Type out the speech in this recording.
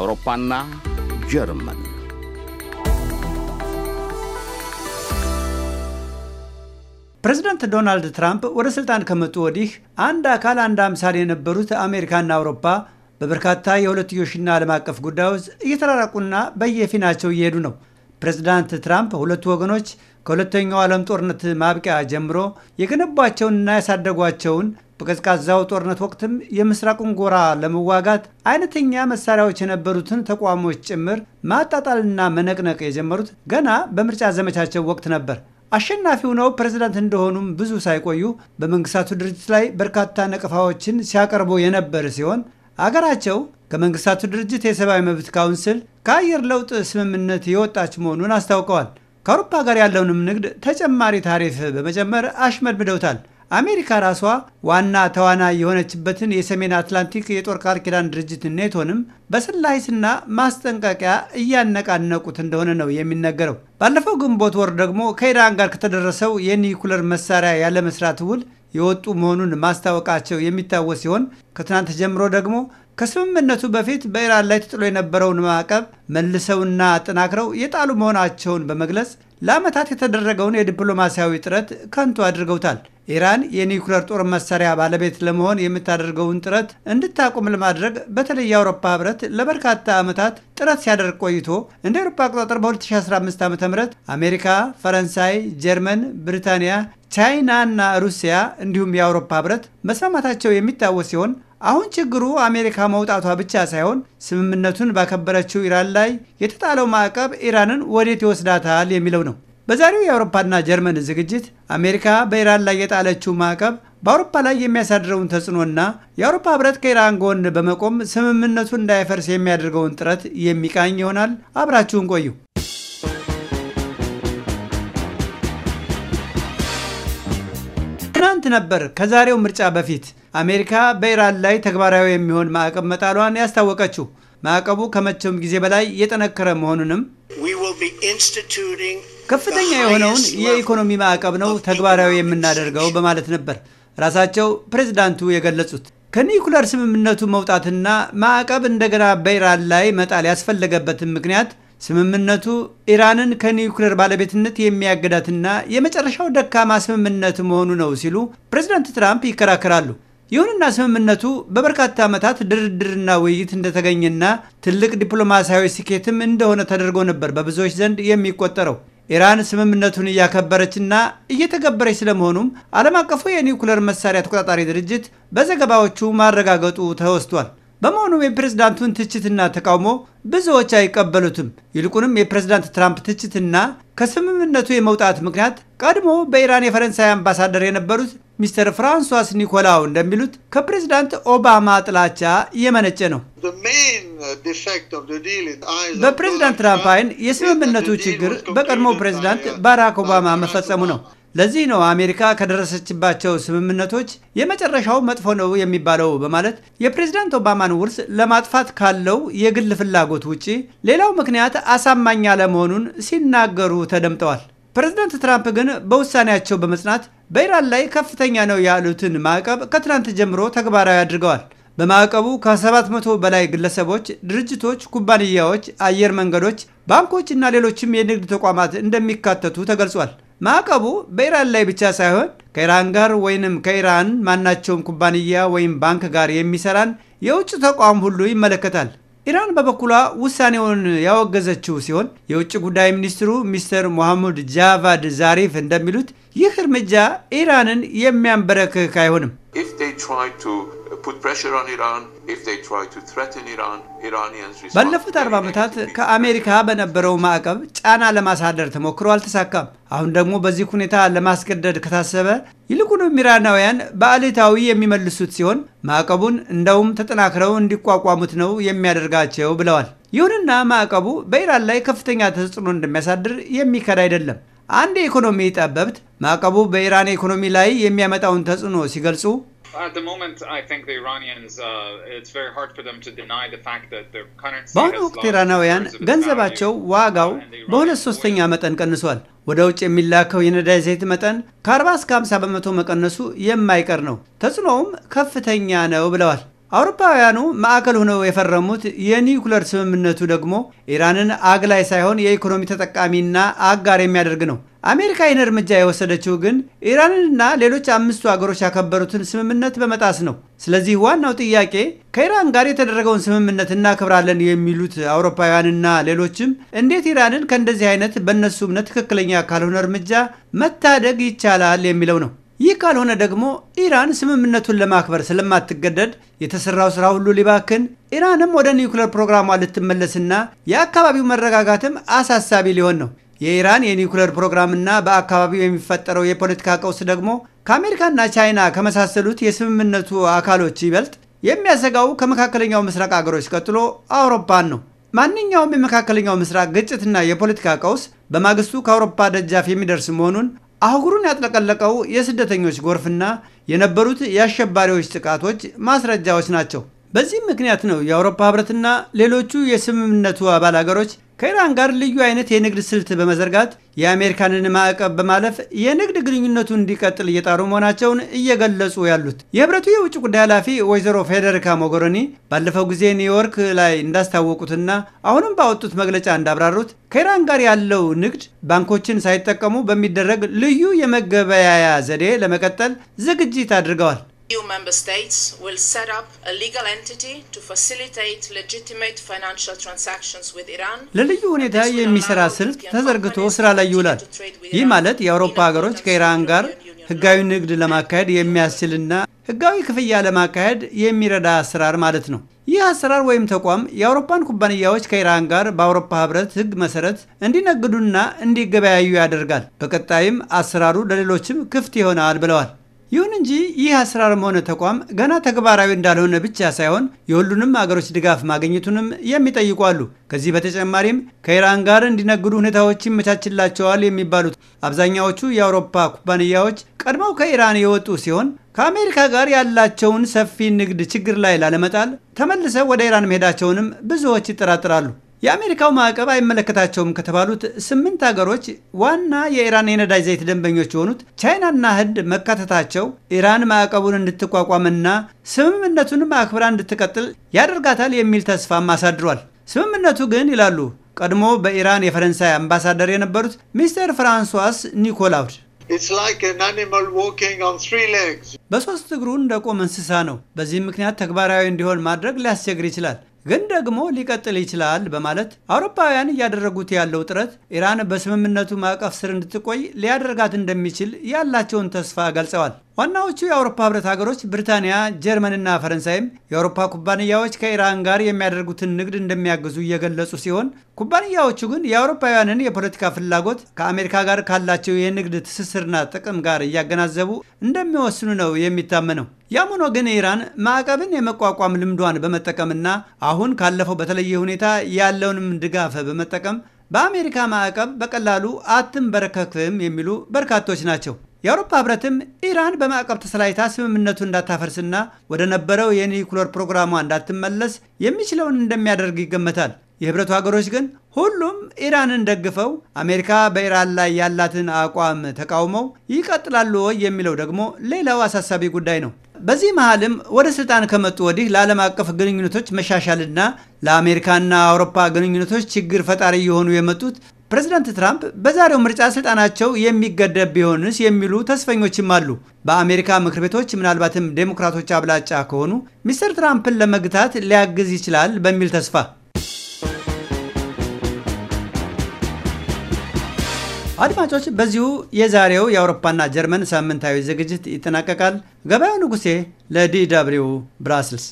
አውሮፓና ጀርመን ፕሬዚደንት ዶናልድ ትራምፕ ወደ ስልጣን ከመጡ ወዲህ አንድ አካል አንድ አምሳል የነበሩት አሜሪካና አውሮፓ በበርካታ የሁለትዮሽና ዓለም አቀፍ ጉዳዮች እየተራራቁና በየፊናቸው እየሄዱ ነው። ፕሬዚዳንት ትራምፕ ሁለቱ ወገኖች ከሁለተኛው ዓለም ጦርነት ማብቂያ ጀምሮ የገነቧቸውንና ያሳደጓቸውን በቀዝቃዛው ጦርነት ወቅትም የምስራቁን ጎራ ለመዋጋት አይነተኛ መሳሪያዎች የነበሩትን ተቋሞች ጭምር ማጣጣልና መነቅነቅ የጀመሩት ገና በምርጫ ዘመቻቸው ወቅት ነበር። አሸናፊ ሆነው ፕሬዝዳንት እንደሆኑም ብዙ ሳይቆዩ በመንግስታቱ ድርጅት ላይ በርካታ ነቀፋዎችን ሲያቀርቡ የነበር ሲሆን አገራቸው ከመንግስታቱ ድርጅት የሰብአዊ መብት ካውንስል ከአየር ለውጥ ስምምነት የወጣች መሆኑን አስታውቀዋል። ከአውሮፓ ጋር ያለውንም ንግድ ተጨማሪ ታሪፍ በመጨመር አሽመድምደውታል። አሜሪካ ራሷ ዋና ተዋናይ የሆነችበትን የሰሜን አትላንቲክ የጦር ቃል ኪዳን ድርጅት ኔቶንም በስላይስና ማስጠንቀቂያ እያነቃነቁት እንደሆነ ነው የሚነገረው። ባለፈው ግንቦት ወር ደግሞ ከኢራን ጋር ከተደረሰው የኒኩለር መሳሪያ ያለመስራት ውል የወጡ መሆኑን ማስታወቃቸው የሚታወስ ሲሆን ከትናንት ጀምሮ ደግሞ ከስምምነቱ በፊት በኢራን ላይ ተጥሎ የነበረውን ማዕቀብ መልሰውና አጠናክረው የጣሉ መሆናቸውን በመግለጽ ለዓመታት የተደረገውን የዲፕሎማሲያዊ ጥረት ከንቱ አድርገውታል። ኢራን የኒውክለር ጦር መሳሪያ ባለቤት ለመሆን የምታደርገውን ጥረት እንድታቆም ለማድረግ በተለይ የአውሮፓ ህብረት ለበርካታ ዓመታት ጥረት ሲያደርግ ቆይቶ እንደ አውሮፓ አቆጣጠር በ2015 ዓ ም አሜሪካ፣ ፈረንሳይ፣ ጀርመን፣ ብሪታንያ፣ ቻይና እና ሩሲያ እንዲሁም የአውሮፓ ህብረት መስማማታቸው የሚታወስ ሲሆን አሁን ችግሩ አሜሪካ መውጣቷ ብቻ ሳይሆን ስምምነቱን ባከበረችው ኢራን ላይ የተጣለው ማዕቀብ ኢራንን ወዴት ይወስዳታል የሚለው ነው። በዛሬው የአውሮፓና ጀርመን ዝግጅት አሜሪካ በኢራን ላይ የጣለችው ማዕቀብ በአውሮፓ ላይ የሚያሳድረውን ተጽዕኖና የአውሮፓ ሕብረት ከኢራን ጎን በመቆም ስምምነቱ እንዳይፈርስ የሚያደርገውን ጥረት የሚቃኝ ይሆናል። አብራችሁን ቆዩ። ነበር ከዛሬው ምርጫ በፊት አሜሪካ በኢራን ላይ ተግባራዊ የሚሆን ማዕቀብ መጣሏን ያስታወቀችው። ማዕቀቡ ከመቼውም ጊዜ በላይ የጠነከረ መሆኑንም ከፍተኛ የሆነውን የኢኮኖሚ ማዕቀብ ነው ተግባራዊ የምናደርገው በማለት ነበር ራሳቸው ፕሬዝዳንቱ የገለጹት። ከኒኩለር ስምምነቱ መውጣትና ማዕቀብ እንደገና በኢራን ላይ መጣል ያስፈለገበትን ምክንያት ስምምነቱ ኢራንን ከኒውክሌር ባለቤትነት የሚያገዳትና የመጨረሻው ደካማ ስምምነት መሆኑ ነው ሲሉ ፕሬዚዳንት ትራምፕ ይከራከራሉ። ይሁንና ስምምነቱ በበርካታ ዓመታት ድርድርና ውይይት እንደተገኘና ትልቅ ዲፕሎማሲያዊ ስኬትም እንደሆነ ተደርጎ ነበር በብዙዎች ዘንድ የሚቆጠረው። ኢራን ስምምነቱን እያከበረችና እየተገበረች ስለመሆኑም ዓለም አቀፉ የኒውክሌር መሳሪያ ተቆጣጣሪ ድርጅት በዘገባዎቹ ማረጋገጡ ተወስቷል። በመሆኑም የፕሬዝዳንቱን ትችትና ተቃውሞ ብዙዎች አይቀበሉትም። ይልቁንም የፕሬዝዳንት ትራምፕ ትችትና ከስምምነቱ የመውጣት ምክንያት ቀድሞ በኢራን የፈረንሳይ አምባሳደር የነበሩት ሚስተር ፍራንሷስ ኒኮላው እንደሚሉት ከፕሬዝዳንት ኦባማ ጥላቻ እየመነጨ ነው። በፕሬዝዳንት ትራምፕ አይን የስምምነቱ ችግር በቀድሞ ፕሬዝዳንት ባራክ ኦባማ መፈጸሙ ነው። ለዚህ ነው አሜሪካ ከደረሰችባቸው ስምምነቶች የመጨረሻው መጥፎ ነው የሚባለው በማለት የፕሬዝዳንት ኦባማን ውርስ ለማጥፋት ካለው የግል ፍላጎት ውጪ ሌላው ምክንያት አሳማኝ አለመሆኑን ሲናገሩ ተደምጠዋል። ፕሬዝዳንት ትራምፕ ግን በውሳኔያቸው በመጽናት በኢራን ላይ ከፍተኛ ነው ያሉትን ማዕቀብ ከትናንት ጀምሮ ተግባራዊ አድርገዋል። በማዕቀቡ ከ700 በላይ ግለሰቦች፣ ድርጅቶች፣ ኩባንያዎች፣ አየር መንገዶች፣ ባንኮች እና ሌሎችም የንግድ ተቋማት እንደሚካተቱ ተገልጿል። ማዕቀቡ በኢራን ላይ ብቻ ሳይሆን ከኢራን ጋር ወይንም ከኢራን ማናቸውም ኩባንያ ወይም ባንክ ጋር የሚሰራን የውጭ ተቋም ሁሉ ይመለከታል። ኢራን በበኩሏ ውሳኔውን ያወገዘችው ሲሆን የውጭ ጉዳይ ሚኒስትሩ ሚስተር ሞሐሙድ ጃቫድ ዛሪፍ እንደሚሉት ይህ እርምጃ ኢራንን የሚያንበረክክ አይሆንም። Uh, ባለፉት አርባ ዓመታት ከአሜሪካ በነበረው ማዕቀብ ጫና ለማሳደር ተሞክሮ አልተሳካም። አሁን ደግሞ በዚህ ሁኔታ ለማስገደድ ከታሰበ ይልቁንም ኢራናውያን በአሌታዊ የሚመልሱት ሲሆን ማዕቀቡን እንደውም ተጠናክረው እንዲቋቋሙት ነው የሚያደርጋቸው ብለዋል። ይሁንና ማዕቀቡ በኢራን ላይ ከፍተኛ ተጽዕኖ እንደሚያሳድር የሚከድ አይደለም። አንድ የኢኮኖሚ ጠበብት ማዕቀቡ በኢራን ኢኮኖሚ ላይ የሚያመጣውን ተጽዕኖ ሲገልጹ At the moment, I think the Iranians, uh, it's very hard for them to deny the fact that their currency በአሁኑ ወቅት ኢራናውያን ገንዘባቸው ዋጋው uh, በሁለት ሶስተኛ መጠን ቀንሷል። ወደ ውጭ የሚላከው የነዳጅ ዘይት መጠን ከ40 እስከ 50 በመቶ መቀነሱ የማይቀር ነው። ተጽዕኖውም ከፍተኛ ነው ብለዋል። አውሮፓውያኑ ማዕከል ሆነው የፈረሙት የኒውክለር ስምምነቱ ደግሞ ኢራንን አግላይ ሳይሆን የኢኮኖሚ ተጠቃሚና አጋር የሚያደርግ ነው። አሜሪካ ይህን እርምጃ የወሰደችው ግን ኢራንንና ሌሎች አምስቱ አገሮች ያከበሩትን ስምምነት በመጣስ ነው። ስለዚህ ዋናው ጥያቄ ከኢራን ጋር የተደረገውን ስምምነት እናከብራለን የሚሉት አውሮፓውያንና ሌሎችም እንዴት ኢራንን ከእንደዚህ አይነት በእነሱ እምነት ትክክለኛ ካልሆነ እርምጃ መታደግ ይቻላል የሚለው ነው። ይህ ካልሆነ ደግሞ ኢራን ስምምነቱን ለማክበር ስለማትገደድ የተሰራው ስራ ሁሉ ሊባክን፣ ኢራንም ወደ ኒውክሌር ፕሮግራሟ ልትመለስና የአካባቢው መረጋጋትም አሳሳቢ ሊሆን ነው። የኢራን የኒውክሌር ፕሮግራምና በአካባቢው የሚፈጠረው የፖለቲካ ቀውስ ደግሞ ከአሜሪካና ቻይና ከመሳሰሉት የስምምነቱ አካሎች ይበልጥ የሚያሰጋው ከመካከለኛው ምስራቅ አገሮች ቀጥሎ አውሮፓን ነው። ማንኛውም የመካከለኛው ምስራቅ ግጭትና የፖለቲካ ቀውስ በማግስቱ ከአውሮፓ ደጃፍ የሚደርስ መሆኑን አህጉሩን ያጥለቀለቀው የስደተኞች ጎርፍና የነበሩት የአሸባሪዎች ጥቃቶች ማስረጃዎች ናቸው። በዚህም ምክንያት ነው የአውሮፓ ህብረትና ሌሎቹ የስምምነቱ አባል አገሮች ከኢራን ጋር ልዩ አይነት የንግድ ስልት በመዘርጋት የአሜሪካንን ማዕቀብ በማለፍ የንግድ ግንኙነቱ እንዲቀጥል እየጣሩ መሆናቸውን እየገለጹ ያሉት የህብረቱ የውጭ ጉዳይ ኃላፊ ወይዘሮ ፌደሪካ ሞጎሮኒ ባለፈው ጊዜ ኒውዮርክ ላይ እንዳስታወቁትና አሁንም ባወጡት መግለጫ እንዳብራሩት ከኢራን ጋር ያለው ንግድ ባንኮችን ሳይጠቀሙ በሚደረግ ልዩ የመገበያያ ዘዴ ለመቀጠል ዝግጅት አድርገዋል። EU member states will set up a legal entity to facilitate legitimate financial transactions with Iran. ለልዩ ሁኔታ የሚሰራ ስልት ተዘርግቶ ስራ ላይ ይውላል። ይህ ማለት የአውሮፓ ሀገሮች ከኢራን ጋር ህጋዊ ንግድ ለማካሄድ የሚያስችልና ህጋዊ ክፍያ ለማካሄድ የሚረዳ አሰራር ማለት ነው። ይህ አሰራር ወይም ተቋም የአውሮፓን ኩባንያዎች ከኢራን ጋር በአውሮፓ ህብረት ህግ መሰረት እንዲነግዱና እንዲገበያዩ ያደርጋል። በቀጣይም አሰራሩ ለሌሎችም ክፍት ይሆናል ብለዋል። ይሁን እንጂ ይህ አሰራርም ሆነ ተቋም ገና ተግባራዊ እንዳልሆነ ብቻ ሳይሆን የሁሉንም አገሮች ድጋፍ ማግኘቱንም የሚጠይቁ አሉ። ከዚህ በተጨማሪም ከኢራን ጋር እንዲነግዱ ሁኔታዎች ይመቻችላቸዋል የሚባሉት አብዛኛዎቹ የአውሮፓ ኩባንያዎች ቀድመው ከኢራን የወጡ ሲሆን ከአሜሪካ ጋር ያላቸውን ሰፊ ንግድ ችግር ላይ ላለመጣል ተመልሰው ወደ ኢራን መሄዳቸውንም ብዙዎች ይጠራጥራሉ። የአሜሪካው ማዕቀብ አይመለከታቸውም ከተባሉት ስምንት ሀገሮች ዋና የኢራን የነዳጅ ዘይት ደንበኞች የሆኑት ቻይናና ህንድ መካተታቸው ኢራን ማዕቀቡን እንድትቋቋምና ስምምነቱን አክብራ እንድትቀጥል ያደርጋታል የሚል ተስፋም አሳድሯል። ስምምነቱ ግን ይላሉ ቀድሞ በኢራን የፈረንሳይ አምባሳደር የነበሩት ሚስተር ፍራንሷስ ኒኮላውድ በሶስት እግሩ እንደቆመ እንስሳ ነው። በዚህም ምክንያት ተግባራዊ እንዲሆን ማድረግ ሊያስቸግር ይችላል። ግን ደግሞ ሊቀጥል ይችላል በማለት አውሮፓውያን እያደረጉት ያለው ጥረት ኢራን በስምምነቱ ማዕቀፍ ስር እንድትቆይ ሊያደርጋት እንደሚችል ያላቸውን ተስፋ ገልጸዋል። ዋናዎቹ የአውሮፓ ህብረት ሀገሮች ብሪታንያ፣ ጀርመንና ፈረንሳይም የአውሮፓ ኩባንያዎች ከኢራን ጋር የሚያደርጉትን ንግድ እንደሚያግዙ እየገለጹ ሲሆን ኩባንያዎቹ ግን የአውሮፓውያንን የፖለቲካ ፍላጎት ከአሜሪካ ጋር ካላቸው የንግድ ትስስርና ጥቅም ጋር እያገናዘቡ እንደሚወስኑ ነው የሚታመነው። ያም ሆኖ ግን ኢራን ማዕቀብን የመቋቋም ልምዷን በመጠቀምና አሁን ካለፈው በተለየ ሁኔታ ያለውንም ድጋፍ በመጠቀም በአሜሪካ ማዕቀብ በቀላሉ አትንበረከክም የሚሉ በርካቶች ናቸው። የአውሮፓ ህብረትም ኢራን በማዕቀብ ተሰላይታ ስምምነቱን እንዳታፈርስና ወደ ነበረው የኒኩለር ፕሮግራሟ እንዳትመለስ የሚችለውን እንደሚያደርግ ይገመታል። የህብረቱ ሀገሮች ግን ሁሉም ኢራንን ደግፈው አሜሪካ በኢራን ላይ ያላትን አቋም ተቃውመው ይቀጥላሉ ወይ የሚለው ደግሞ ሌላው አሳሳቢ ጉዳይ ነው። በዚህ መሀልም ወደ ስልጣን ከመጡ ወዲህ ለዓለም አቀፍ ግንኙነቶች መሻሻልና ለአሜሪካና አውሮፓ ግንኙነቶች ችግር ፈጣሪ የሆኑ የመጡት ፕሬዚዳንት ትራምፕ በዛሬው ምርጫ ስልጣናቸው የሚገደብ ቢሆንስ የሚሉ ተስፈኞችም አሉ። በአሜሪካ ምክር ቤቶች ምናልባትም ዴሞክራቶች አብላጫ ከሆኑ ሚስተር ትራምፕን ለመግታት ሊያግዝ ይችላል በሚል ተስፋ አድማጮች፣ በዚሁ የዛሬው የአውሮፓና ጀርመን ሳምንታዊ ዝግጅት ይጠናቀቃል። ገበያው ንጉሴ ለዲ ደብልዩ ብራስልስ